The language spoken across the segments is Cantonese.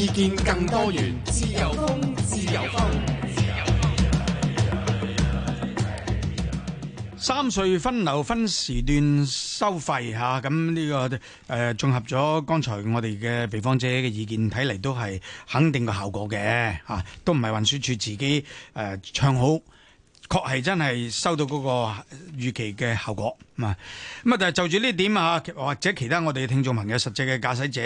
意見更多元，自由風，自由風，自由風。由風三隧分流分時段收費嚇，咁呢、呢個誒、呃、綜合咗剛才我哋嘅被訪者嘅意見，睇嚟都係肯定嘅效果嘅嚇、啊，都唔係運輸署自己誒、呃、唱好。確係真係收到嗰個預期嘅效果，咁啊，咁啊，但係就住呢點啊，或者其他我哋聽眾朋友實際嘅駕駛者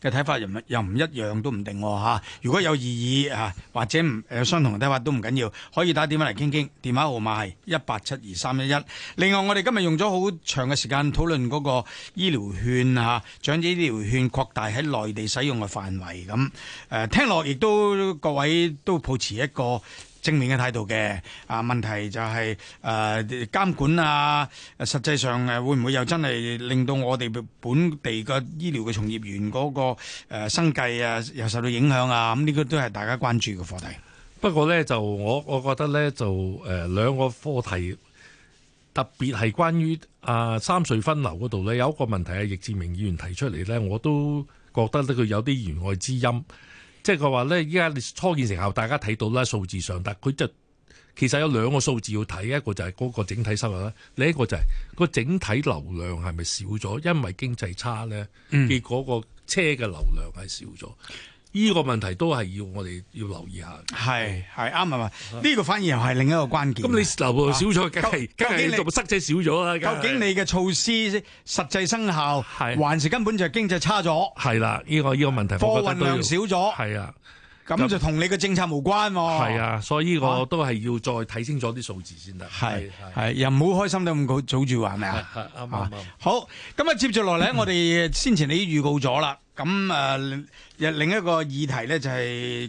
嘅睇法，又唔又唔一樣都唔定吓。如果有異議啊，或者唔誒相同嘅睇法都唔緊要，可以打電話嚟傾傾。電話號碼係一八七二三一一。另外，我哋今日用咗好長嘅時間討論嗰個醫療券啊，將醫療券擴大喺內地使用嘅範圍咁。誒，聽落亦都各位都抱持一個。正面嘅態度嘅，啊問題就係、是、誒、呃、監管啊，實際上誒會唔會又真係令到我哋本地嘅醫療嘅從業員嗰、那個、呃、生計啊，又受到影響啊？咁、嗯、呢、這個都係大家關注嘅課題。不過咧，就我我覺得咧，就誒、呃、兩個課題，特別係關於啊、呃、三水分流嗰度咧，有一個問題啊，易志明議員提出嚟咧，我都覺得呢，佢有啲弦外之音。即係佢話呢，依家初建成效，大家睇到啦，數字上，但佢就其實有兩個數字要睇，一個就係嗰個整體收入啦，另一個就係個整體流量係咪少咗？因為經濟差呢，結果個車嘅流量係少咗。呢個問題都係要我哋要留意下，係係啱啊嘛！呢個反而又係另一個關鍵。咁你留路少咗，究竟究竟你實際少咗？究竟你嘅措施實際生效，還是根本就係經濟差咗？係啦，呢個呢個問題，貨運量少咗，係啊，咁就同你嘅政策無關喎。係啊，所以呢個都係要再睇清楚啲數字先得。係係，又唔好開心到咁早住話，係咪啊？啱啱好，咁啊，接住落嚟我哋先前你預告咗啦。咁誒，另、呃、另一個議題咧，就係、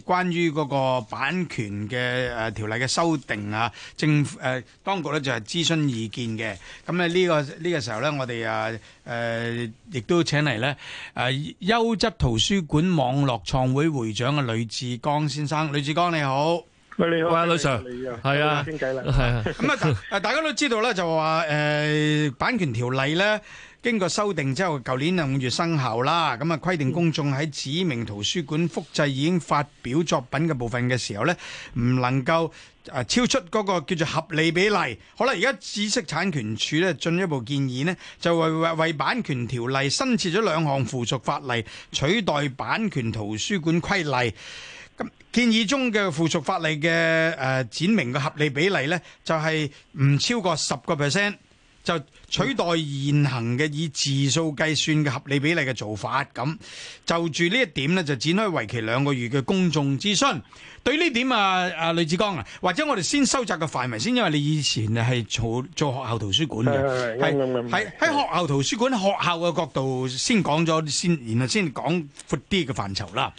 是、關於嗰個版權嘅誒、呃、條例嘅修訂啊，政府誒、呃、當局咧就係、是、諮詢意見嘅。咁咧呢個呢、這個時候咧，我哋啊、呃、亦都請嚟咧誒優質圖書館網絡創會會長嘅呂志剛先生，呂志剛你好，喂你好，喂呂 Sir 你好，啊，傾偈啦，係啊。咁啊，大家都知道咧，就話誒、呃、版權條例咧。經過修訂之後，舊年五月生效啦。咁啊，規定公眾喺指明圖書館複製已經發表作品嘅部分嘅時候呢，唔能夠誒超出嗰個叫做合理比例。好啦，而家知識產權署呢進一步建議呢就為為版權條例新設咗兩項附屬法例取代版權圖書館規例。咁建議中嘅附屬法例嘅誒，指、呃、明嘅合理比例呢，就係、是、唔超過十個 percent。就取代現行嘅以字數計算嘅合理比例嘅做法，咁就住呢一點呢就展開為期兩個月嘅公眾諮詢。對呢點啊，阿呂志剛啊，或者我哋先收集個範圍先，因為你以前係做做學校圖書館嘅，係喺學校圖書館學校嘅角度先講咗先，然後先講闊啲嘅範疇啦。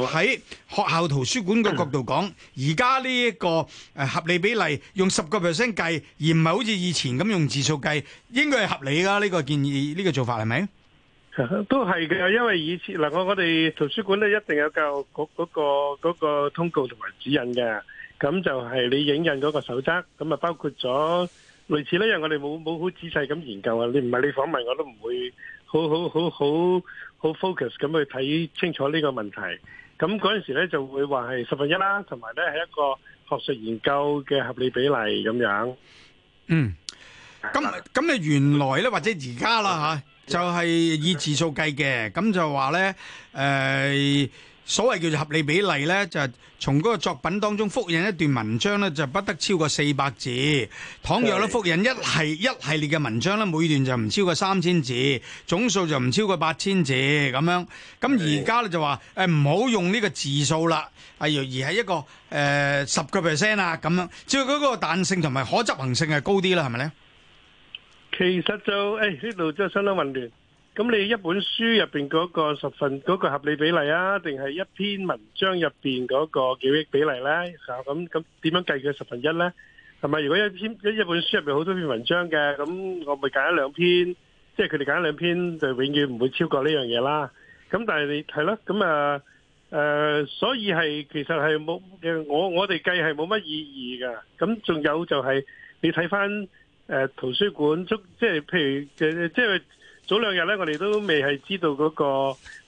喺學校圖書館個角度講，而家呢一個誒合理比例，用十個 percent 計，而唔係好似以前咁用字數計，應該係合理㗎。呢個建議，呢個做法係咪？都係嘅，因為以前嗱，我我哋圖書館咧一定有教育局嗰個嗰個通告同埋指引嘅。咁就係你影印嗰個守則，咁啊包括咗類似呢樣，因為我哋冇冇好仔細咁研究啊。你唔係你訪問，我都唔會好好好好好 focus 咁去睇清楚呢個問題。咁嗰陣時咧就會話係十分一啦，同埋咧係一個學術研究嘅合理比例咁樣。嗯，咁咁你原來咧或者而家啦嚇，就係、是、以字數計嘅，咁就話咧誒。呃所謂叫做合理比例咧，就係從嗰個作品當中複印一段文章咧，就不得超過四百字。倘若咧複印一系一系列嘅文章咧，每段就唔超過三千字，總數就唔超過八千字咁樣。咁而家咧就話誒唔好用呢個字數啦，而而係一個誒十個 percent 啊咁樣，即係嗰個彈性同埋可執行性係高啲啦，係咪咧？其實就誒呢度就相當混亂。咁你一本書入邊嗰個十分嗰個合理比例啊，定係一篇文章入邊嗰個幾億比例咧？啊，咁咁點樣計佢十分一咧？係咪？如果一篇一一本書入邊好多篇文章嘅，咁我咪揀一兩篇，即係佢哋揀一兩篇就永遠唔會超過呢樣嘢啦。咁但係你係咯，咁啊誒，所以係其實係冇嘅。我我哋計係冇乜意義㗎。咁仲有就係你睇返誒圖書館，即即係譬如嘅即係。早兩日咧，我哋都未係知道嗰個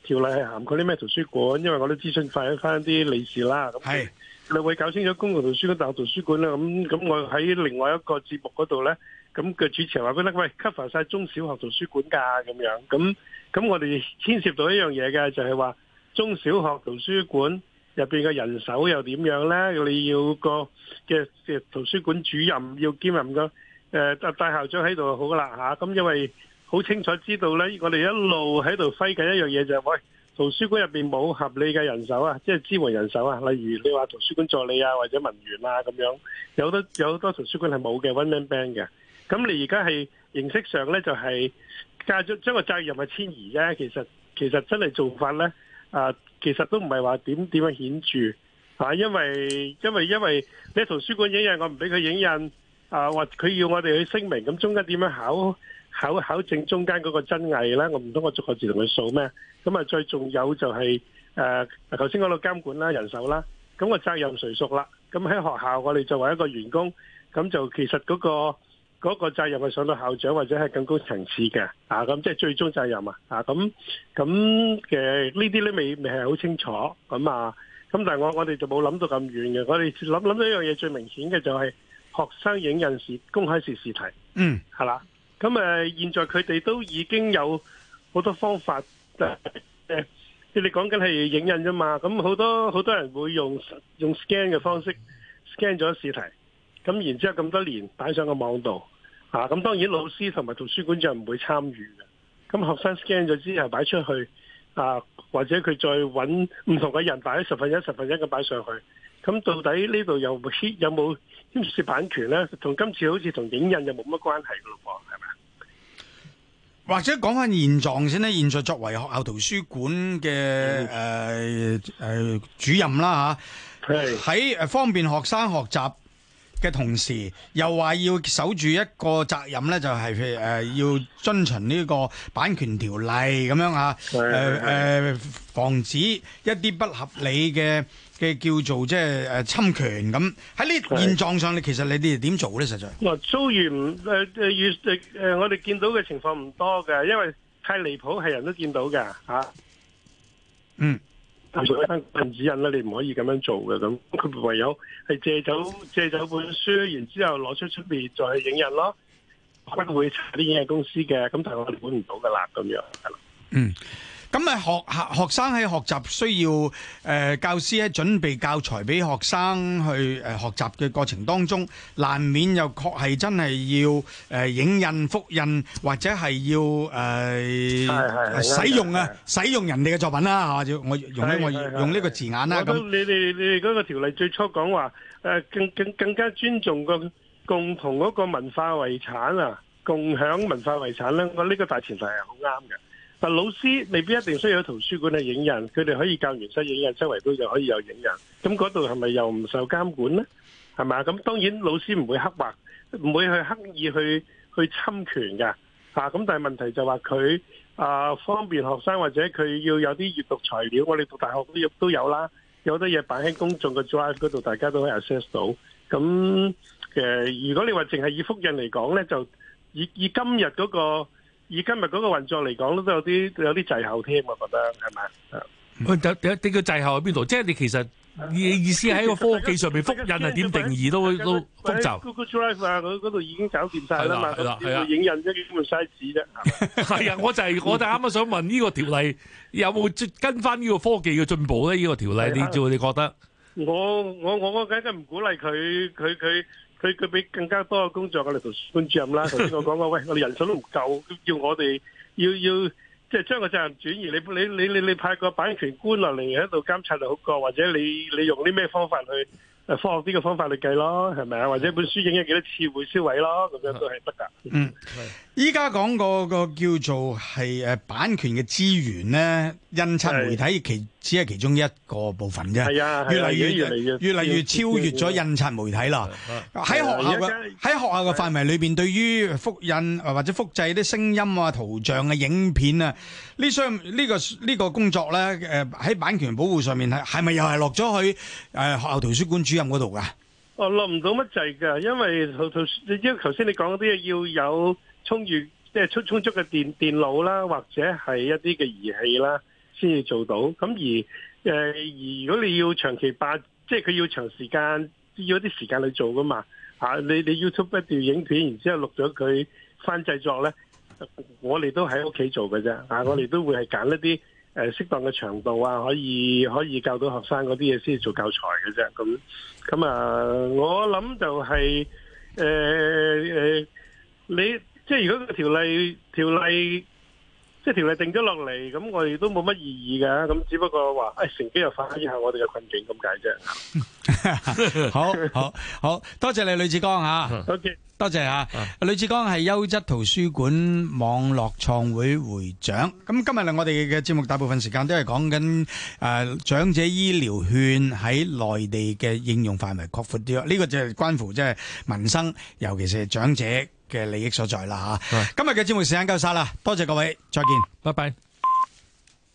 條例係涵蓋啲咩圖書館，因為我都諮詢翻一翻啲理事啦。係兩會搞清楚公共圖書館、大學圖書館啦，咁咁我喺另外一個節目嗰度咧，咁嘅主持人話俾咧，喂 cover 晒中小學圖書館噶咁樣，咁咁我哋牽涉到一樣嘢嘅就係、是、話中小學圖書館入邊嘅人手又點樣咧？你要個嘅圖書館主任要兼任個誒、呃、大校長喺度好噶啦吓，咁、啊、因為。好清楚知道呢，我哋一路喺度揮緊一樣嘢，就係，喂，圖書館入邊冇合理嘅人手啊，即係支援人手啊。例如你話圖書館助理啊，或者文員啊咁樣，有好多有好多圖書館係冇嘅，one man band 嘅。咁你而家係形式上呢，就係將個責任係遷移啫。其實其實真係做法呢，啊，其實都唔係話點點樣顯著啊，因為因為因為你圖書館影印我唔俾佢影印啊，或佢要我哋去聲明，咁中間點樣考？考考證中間嗰個真偽啦，我唔通我逐個字同佢數咩？咁啊，最仲有就係誒，頭先講到監管啦、人手啦，咁個責任誰屬啦？咁喺學校我哋作為一個員工，咁就其實嗰個嗰個責任係上到校長或者係更高層次嘅，啊咁即係最終責任啊，咁咁嘅呢啲咧未未係好清楚，咁啊，咁但係我我哋就冇諗到咁遠嘅，我哋諗諗到一樣嘢最明顯嘅就係學生影印時公開試試題，嗯，係啦。咁誒，現在佢哋都已經有好多方法誒，你講緊係影印啫嘛。咁好多好多人會用用 scan 嘅方式 scan 咗試題，咁然之後咁多年擺上個網度啊。咁當然老師同埋圖書館就唔會參與嘅。咁學生 scan 咗之後擺出去啊，或者佢再揾唔同嘅人擺咗十分一、十分一咁擺上去。咁到底呢度有有冇牽涉版權呢？同今次好似同影印又冇乜關係噶咯。或者講下現狀先咧，現在作為學校圖書館嘅誒誒主任啦吓，喺誒方便學生學習。嘅同時，又話要守住一個責任咧，就係呃要遵循呢個版權條例咁樣啊是的、呃呃，防止一啲不合理嘅嘅叫做即係侵權咁。喺呢現狀上，你其實你哋點做咧？實在我遭遇唔誒誒遇我哋見到嘅情況唔多嘅，因為太離譜，係人都見到嘅吓。嗯。係做翻文，你唔可以咁樣做嘅咁，佢唯有係借走借走本書，然之後攞出出邊再影印咯，佢會查啲影印公司嘅，咁就我哋管唔到噶啦咁樣，係啦，嗯。咁啊，學學學生喺學習需要，誒教師喺準備教材俾學生去誒學習嘅過程當中，難免又確係真係要誒影印、複印，或者係要誒使用啊，使用人哋嘅作品啦，嚇，就我用呢個用呢個字眼啦。咁你哋你哋嗰個條例最初講話誒更更更加尊重個共同嗰個文化遺產啊，共享文化遺產咧，我呢個大前提係好啱嘅。嗱，但老師未必一定需要喺圖書館去影印，佢哋可以教員室影印，周圍都有可以有影印，咁嗰度係咪又唔受監管咧？係嘛？咁當然老師唔會黑畫，唔會去刻意去去侵權嘅，嚇、啊、咁。但係問題就話佢啊方便學生或者佢要有啲閱讀材料，我哋讀大學嗰都有啦，有啲嘢擺喺公眾嘅 drive 嗰度，大家都可以 access 到。咁嘅、呃、如果你話淨係以複印嚟講呢，就以以今日嗰、那個。以今日嗰個運作嚟講咧，都有啲有啲滯後添，我覺得係咪？唔係，有有叫滯後喺邊度？即係你其實意意思喺個科技上面複印係點定義都都複雜。Google Drive 啊，佢嗰度已經搞掂晒啦嘛，影印啫，幾咁嘥紙啫。係啊，我就係我就啱啱想問呢個條例有冇跟翻呢個科技嘅進步咧？呢個條例你做，你覺得？我我我梗係唔鼓勵佢佢佢。佢佢俾更加多嘅工作我哋同孫主任啦，頭先我講過，喂我哋人手都唔夠，要我哋要要即係將個責任轉移，你你你你你派個版權官落嚟喺度監察就好過，或者你你用啲咩方法去？科學啲嘅方法嚟計咯，係咪啊？或者本書影咗幾多次會銷毀咯？咁樣都係得㗎。嗯，依家講個個叫做係誒版權嘅資源咧，印刷媒體其，的其只係其中一個部分啫。係啊的，越嚟越越嚟越超越咗印刷媒體啦。喺學校嘅喺的學校嘅範圍裏邊，對於複印或者複製啲聲音啊、圖像嘅影片啊，呢相呢個呢、這個工作咧，誒喺版權保護上面係係咪又係落咗去誒學校圖書館處？錄音度噶？我錄唔到乜滯噶，因為頭頭，因為頭先你講嗰啲嘢要有充裕，即係充充足嘅電電腦啦，或者係一啲嘅儀器啦，先至做到。咁而誒，呃、而如果你要長期霸，即係佢要長時間，要一啲時間去做噶嘛？吓、啊，你你 YouTube 一段影片，然之後錄咗佢翻製作咧，我哋都喺屋企做嘅啫。吓、啊，我哋都會係揀一啲。誒適當嘅長度啊，可以可以教到學生嗰啲嘢先做教材嘅啫。咁咁啊，我諗就係誒誒，你即係如果個條例條例。即係條例定咗落嚟，咁我哋都冇乜意義嘅，咁只不過話，誒，乘機又反映下我哋嘅困境咁解啫。好好好多謝你，呂志剛吓。多謝多謝吓，呂志剛係優質圖書館網絡創會會長。咁今日嚟我哋嘅節目大部分時間都係講緊誒長者醫療券喺內地嘅應用範圍擴闊啲，呢個就係關乎即係民生，尤其是長者嘅利益所在啦，吓，今日嘅節目時間夠晒啦，多謝各位，再見，拜拜。